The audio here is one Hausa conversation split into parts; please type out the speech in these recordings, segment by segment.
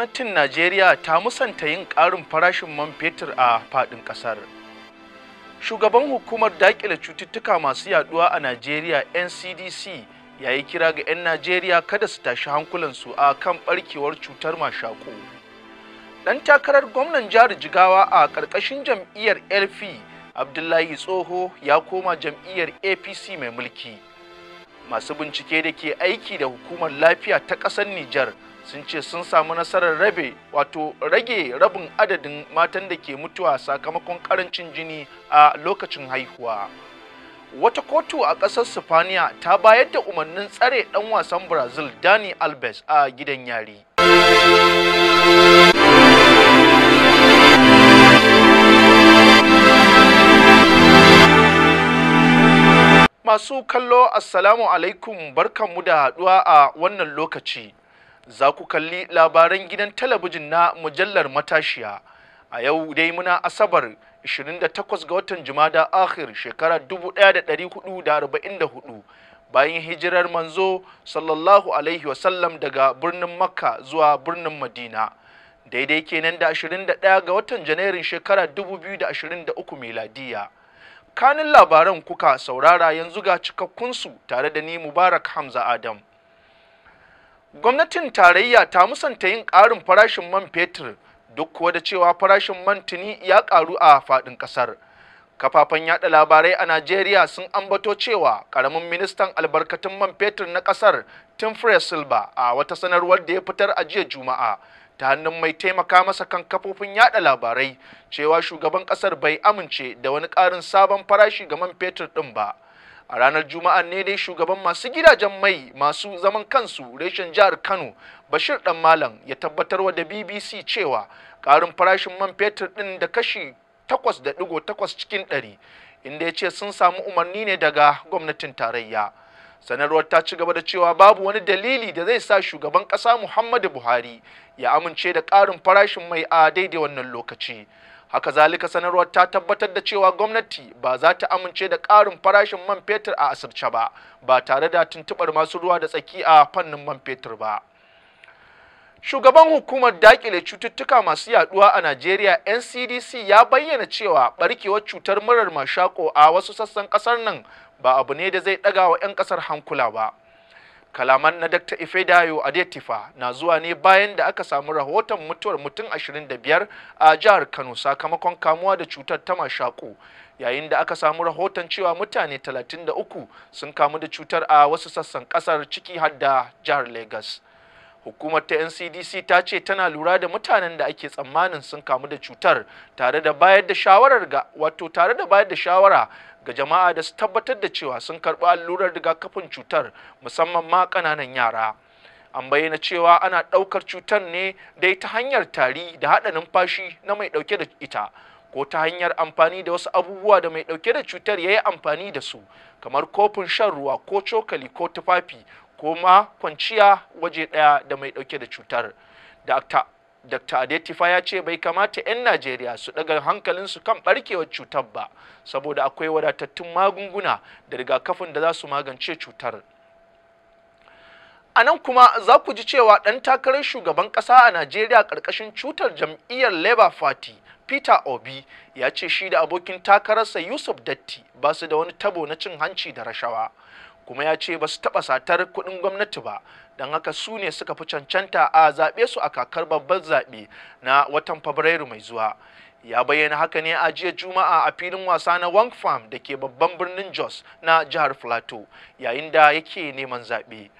gwamnatin Najeriya ta musanta yin ƙarin farashin man fetur a faɗin ƙasar. Shugaban hukumar daƙile cututtuka masu yaduwa a Najeriya NCDC ya yi kira ga 'yan Najeriya kada su tashi hankulansu a kan ɓarkewar cutar mashaƙo. Ɗan takarar gwamnan jihar Jigawa a ƙarƙashin jam'iyyar LP Abdullahi Tsoho ya koma jam'iyyar APC mai mulki. Masu bincike da ke aiki da hukumar lafiya ta ƙasar Nijar sun ce sun samu nasarar rabe wato rage rabin adadin matan da ke mutuwa sakamakon karancin jini a lokacin haihuwa wata kotu a ƙasar sifaniya ta bayar da umarnin tsare ɗan wasan brazil dani alves a gidan yari masu kallo assalamu alaikum barkanmu da haɗuwa a wannan lokaci za ku kalli labaran gidan talabijin na mujallar matashiya a yau dai muna asabar 28 ga watan jumada akhir shekara 1444 bayan hijirar manzo sallallahu alaihi wasallam daga birnin makka zuwa birnin madina daidai kenan da 21 ga watan janairun shekara 2023 meladiya kanin labaran kuka saurara yanzu ga cikakkunsu tare da ni mubarak hamza adam gwamnatin tarayya ta musanta yin ƙarin farashin man fetur duk kuwa da cewa farashin man tuni ya ƙaru a faɗin ƙasar kafafen yada labarai a najeriya sun ambato cewa ƙaramin ministan albarkatun man fetur na ƙasar tim silba a wata sanarwar da ya fitar a jiya juma'a ta hannun mai taimaka masa kan kafofin yada labarai cewa shugaban ƙasar bai amince da wani ƙarin sabon farashi ga man fetur ɗin ba a ranar juma'an ne dai shugaban masu gidajen mai masu zaman kansu reshen jihar kano bashir dan malam ya tabbatar tabbatarwa da bbc cewa karin farashin man fetur din da kashi 8.8 cikin 100 inda ya ce sun samu umarni ne daga gwamnatin tarayya sanarwar ta ci gaba da cewa babu wani dalili da zai sa shugaban ƙasa muhammadu buhari ya amince da ƙarin farashin mai a daidai wannan lokaci haka zalika sanarwar ta tabbatar da cewa gwamnati ba za ta amince da ƙarin farashin man fetur a asirce ba ba tare da tuntuɓar masu ruwa da tsaki a fannin man fetur ba shugaban hukumar dakile cututtuka masu yaduwa a najeriya ncdc ya bayyana cewa barkewar cutar murar mashako a wasu sassan kasar nan ba abu ne da zai ɗaga wa 'yan kasar hankula ba kalaman na Dr. Ifedayo Adetifa na zuwa ne bayan da aka samu rahoton mutuwar mutum 25 a jihar Kano sakamakon kamuwa da cutar ta mashaƙo. Yayin da aka samu rahoton cewa mutane 33 sun kamu da cutar a wasu sassan ƙasar ciki har da jihar Legas. hukumar ta ncdc ta ce tana lura da mutanen da ake tsammanin sun kamu da cutar tare da bayar da shawarar ga wato tare da bayar da shawara ga jama'a da su tabbatar da cewa sun karɓi allurar rigakafin cutar musamman ma ƙananan yara an bayyana cewa ana ɗaukar cutar ne dai ta hanyar tari da haɗa numfashi na mai ɗauke da ita ko ta hanyar amfani da wasu abubuwa da mai ɗauke da cutar ya yi amfani da su kamar kofin shan ruwa ko cokali ko tufafi koma kwanciya waje ɗaya da mai ɗauke da cutar dr adetifa ya ce bai kamata 'yan najeriya su ɗaga hankalinsu kan ɓarkewar cutar ba saboda akwai wadatattun magunguna da rigakafin da za su magance cutar a nan kuma za ku ji cewa ɗan takarar shugaban ƙasa a najeriya ƙarƙashin cutar jam'iyyar labour party peter obi ya ce shi da abokin takararsa yusuf datti ba su da wani tabo na cin hanci da rashawa kuma ya ce ba su taɓa satar kuɗin gwamnati ba don haka su ne suka fi cancanta a zaɓe su a kakar babban zaɓe na watan fabrairu mai zuwa ya bayyana haka ne a jiya juma'a a filin wasa na wang farm da ke babban birnin jos na jihar filato yayin da yake neman zaɓe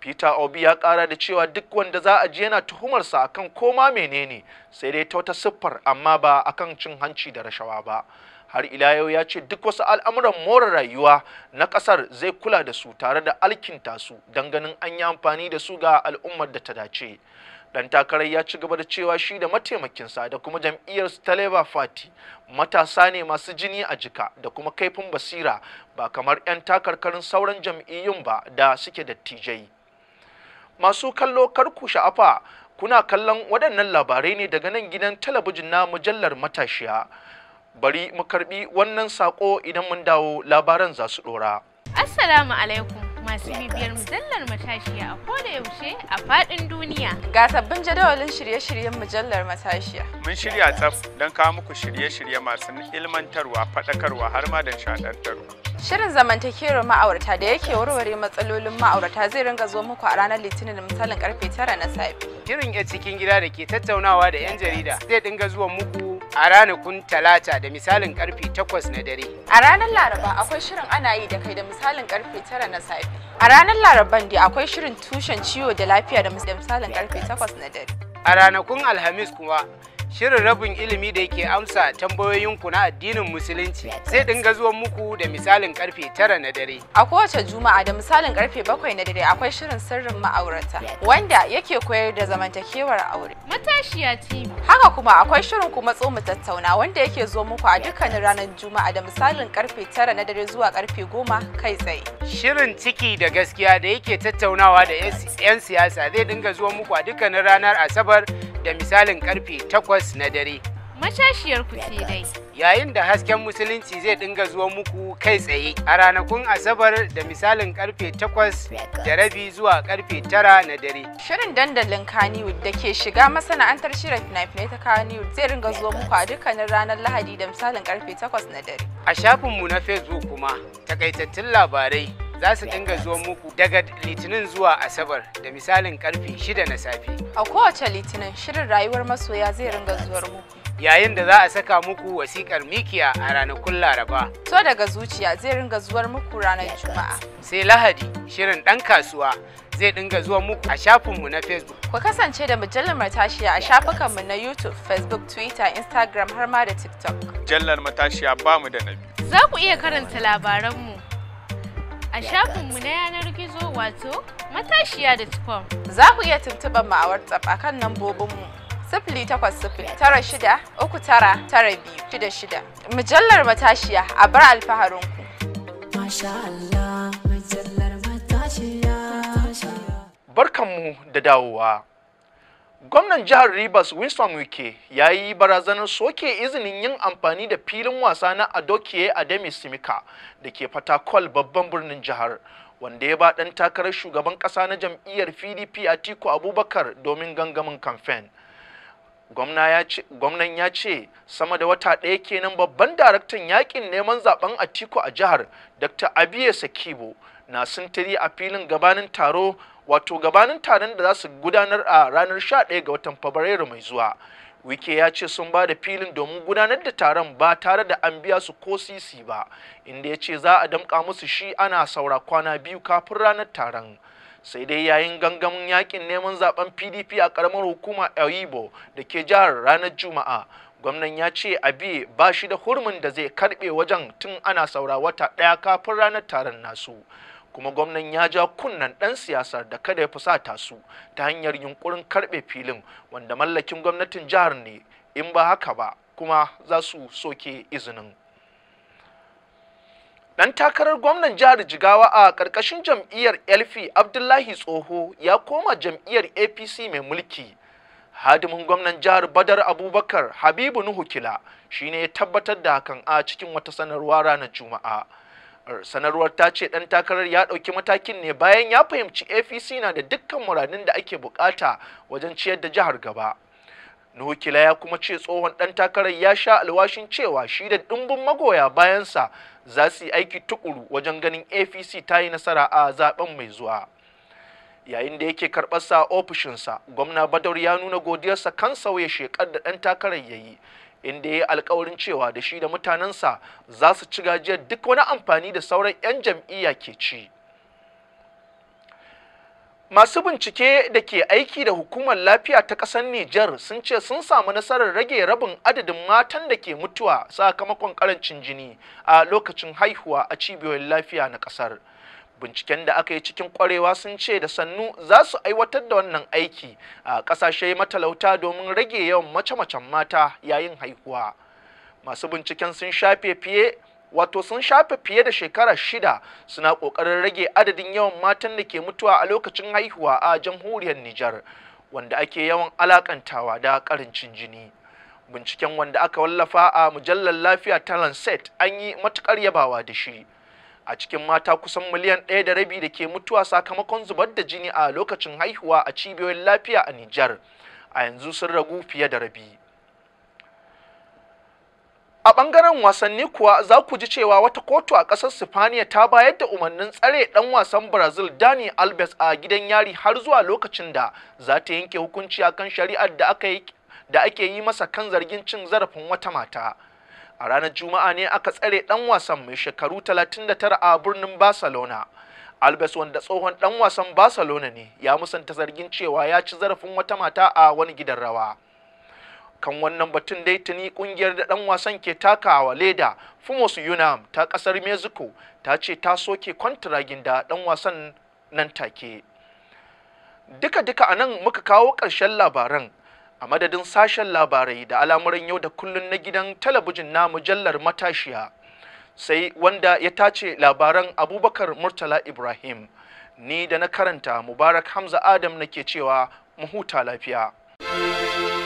peter obi ya kara da cewa duk wanda za a ji yana tuhumarsa akan koma menene sai dai ta wata siffar amma ba akan cin hanci da rashawa ba har ila yau ya ce duk wasu al'amuran more rayuwa na ƙasar zai kula da su tare da alkinta su don ganin an yi amfani da su ga al'ummar da ta dace dan takarar ya ci gaba da cewa shi da mataimakinsa da kuma jam'iyyar ta labour party matasa ne masu jini a jika da kuma kaifin basira ba kamar 'yan takarkarin sauran jam'iyyun ba da suke dattijai masu kallo karku sha'afa kuna kallon waɗannan labarai ne daga nan gidan talabijin na mujallar matashiya bari mu karbi wannan sako idan mun dawo labaran za su dora assalamu alaikum masu bibiyar mujallar matashiya a koda yaushe a fadin duniya ga sabbin jadawalin shirye-shiryen mujallar matashiya mun shirya tsaf don kawo muku shirye-shirye masu ilmantarwa faɗakarwa har ma da shaɗantarwa Shirin zamantakewar ma'aurata da yake warware matsalolin ma'aurata zai ringa zo muku a ranar Litinin da misalin karfe 9 na safe. Shirin ya cikin gida da ke tattaunawa da 'yan jarida zai dinga zuwa muku a ranakun talata da misalin karfe 8 na dare. A ranar laraba akwai shirin ana yi da kai da misalin karfe tara na safe. A ranar laraban da akwai shirin tushen ciwo da lafiya da misalin karfe 8 na dare. A ranakun alhamis kuma shirin rabin ilimi da yake amsa tambayoyin ku na addinin musulunci zai dinga zuwa muku da misalin karfe tara na dare. A kowace juma'a da misalin karfe bakwai na dare akwai shirin sirrin ma'aurata wanda yake koyar da zamantakewar aure. Matashiya TV. Haka kuma akwai shirin kuma tso mu tattauna wanda yake zo muku a dukkanin ranar juma'a da misalin karfe tara na dare zuwa karfe goma kai tsaye. Shirin ciki da gaskiya da yake tattaunawa da 'yan siyasa zai dinga zuwa muku a dukkanin ranar Asabar da misalin karfe 8 na dare. Mashashiyar ku dai. Yayin da hasken musulunci zai dinga zuwa muku kai tsaye a ranakun Asabar da misalin karfe 8 da rabi zuwa karfe tara na dare. Shirin dandalin Kannywood da ke shiga masana'antar shirin fina-finai ta kaniwood zai ringa zuwa muku a dukkanin ranar Lahadi da misalin karfe 8 na dare. A shafinmu na Facebook kuma takaitattun labarai za su dinga zo muku daga litinin zuwa asabar da misalin karfe shida na safe. A kowace litinin shirin rayuwar masoya zai ringa zuwar muku. Yayin da za a saka muku wasikar mikiya a ranakun Laraba. So daga zuciya zai ringa zuwar muku ranar Juma'a. Sai Lahadi shirin ɗan kasuwa zai dinga zuwa muku a shafinmu na Facebook. Ku kasance da mujallar matashiya a shafukanmu na YouTube, Facebook, Twitter, Instagram har ma da TikTok. Mujallar matashiya ba mu da nabi. Za ku iya karanta labaranmu a shafinmu na yanar gizo wato matashiya da tukom. Za ku iya tuntuɓar mu a WhatsApp a kan mu. Sifili takwas sifili tara shida uku tara tara biyu shida shida. Mujallar matashiya a bar alfaharinku. Masha Allah, mujallar matashiya. Barkanmu da dawowa. Gwamnan jihar Rivers Winston Wike ya yi barazanar soke izinin yin amfani da filin wasa na Adokiye Ademi Simika da ke Fatakwal babban birnin jihar, wanda ya ba ɗan takarar shugaban ƙasa na jam'iyyar PDP a Atiku Abubakar domin gangamin kamfen. gwamnan ya ce sama da wata ɗaya kenan babban daraktan yakin neman zaben atiku a jihar dr abiyar sakibo na sintiri a filin gabanin taro wato gabanin taron da za su gudanar a ranar 11 ga watan fabrairu mai zuwa wike ya ce sun ba da filin domin gudanar da taron ba tare da an biya su ko sisi ba inda ya ce za a damƙa musu shi ana saura kwana biyu kafin ranar taron sai dai yayin gangamin yakin neman zaben pdp a karamar hukuma ayibo da ke jihar ranar juma'a gwamnan ya ce abi ba shi da hurmin da zai karbe wajen tun ana saura wata ɗaya kafin ranar taron nasu kuma gwamnan ya ja kunnan ɗan siyasar da kada ya fusata su ta hanyar yunkurin karɓe filin wanda mallakin gwamnatin jihar ne in ba haka ba kuma za su soke izinin Ɗan takarar gwamnan jihar Jigawa a ƙarƙashin jam'iyyar Elfi Abdullahi Tsoho ya koma jam'iyyar APC mai mulki. Hadimin gwamnan jihar Badar Abubakar Habibu Nuhu Kila shi ya tabbatar da hakan a cikin wata sanarwa ranar Juma'a. Er, sanarwar ta ce ɗan takarar ya ɗauki matakin ne bayan ya fahimci APC na da dukkan muradin da ake bukata wajen ciyar da jihar gaba. nukila ya kuma ce tsohon ɗan takarar ya sha alwashin cewa shi da ɗumbin magoya bayansa za su yi aiki tukuru wajen ganin apc ta yi nasara a zaben mai zuwa yayin da yake karɓarsa ofishinsa gwamna badar ya nuna godiyarsa kan sauya shekar da ɗan takarar ya yi inda ya yi alkawarin cewa da shi da mutanensa za su ci gajiyar duk wani amfani da sauran 'yan jam'iyya ke ci Masu bincike da ke aiki da hukumar lafiya ta ƙasar Nijar sun ce sun samu nasarar rage rabin adadin matan da ke mutuwa sakamakon ƙarancin jini a lokacin haihuwa a cibiyoyin lafiya na ƙasar. Binciken da aka yi cikin ƙwarewa sun ce da sannu za su aiwatar da wannan aiki a ƙasashe matalauta domin rage yawan mace-macen mata yayin haihuwa. Masu binciken sun shafe fiye wato sun shafe fiye da shekara shida suna ƙoƙarin rage adadin yawan matan da ke mutuwa a lokacin haihuwa a jamhuriyar Nijar wanda ake yawan alakantawa da ƙarancin jini. Binciken wanda aka wallafa a mujallar lafiya ta Lancet an yi matukar yabawa da shi. A cikin mata kusan miliyan ɗaya da rabi da ke mutuwa sakamakon zubar da jini a lokacin haihuwa a cibiyoyin lafiya a Nijar, a yanzu sun ragu fiye da rabi. a bangaren wasanni kuwa za ku ji cewa wata kotu a kasar sifaniya ta bayar da umarnin tsare dan wasan brazil dani alves a gidan yari har zuwa lokacin da za ta yanke hukunci akan shari'ar da ake yi masa kan zargin cin zarafin wata mata a ranar juma'a ne aka tsare dan wasan mai shekaru 39 a birnin barcelona Albes wanda tsohon dan wasan Barcelona ne ya musanta zargin cewa ya ci zarafin wata mata a wani gidan rawa. kan wannan batun dai tuni kungiyar da dan wasan ke takawa leda fumos yunam ta kasar mexico ta ce ta soke kwantiragin da dan wasan nan take duka-duka a nan muka kawo ƙarshen labaran a madadin sashen labarai da al'amuran yau da kullun na gidan talabijin na mujallar matashiya sai wanda ya tace labaran abubakar murtala ibrahim ni da na karanta mubarak hamza adam nake cewa mu huta lafiya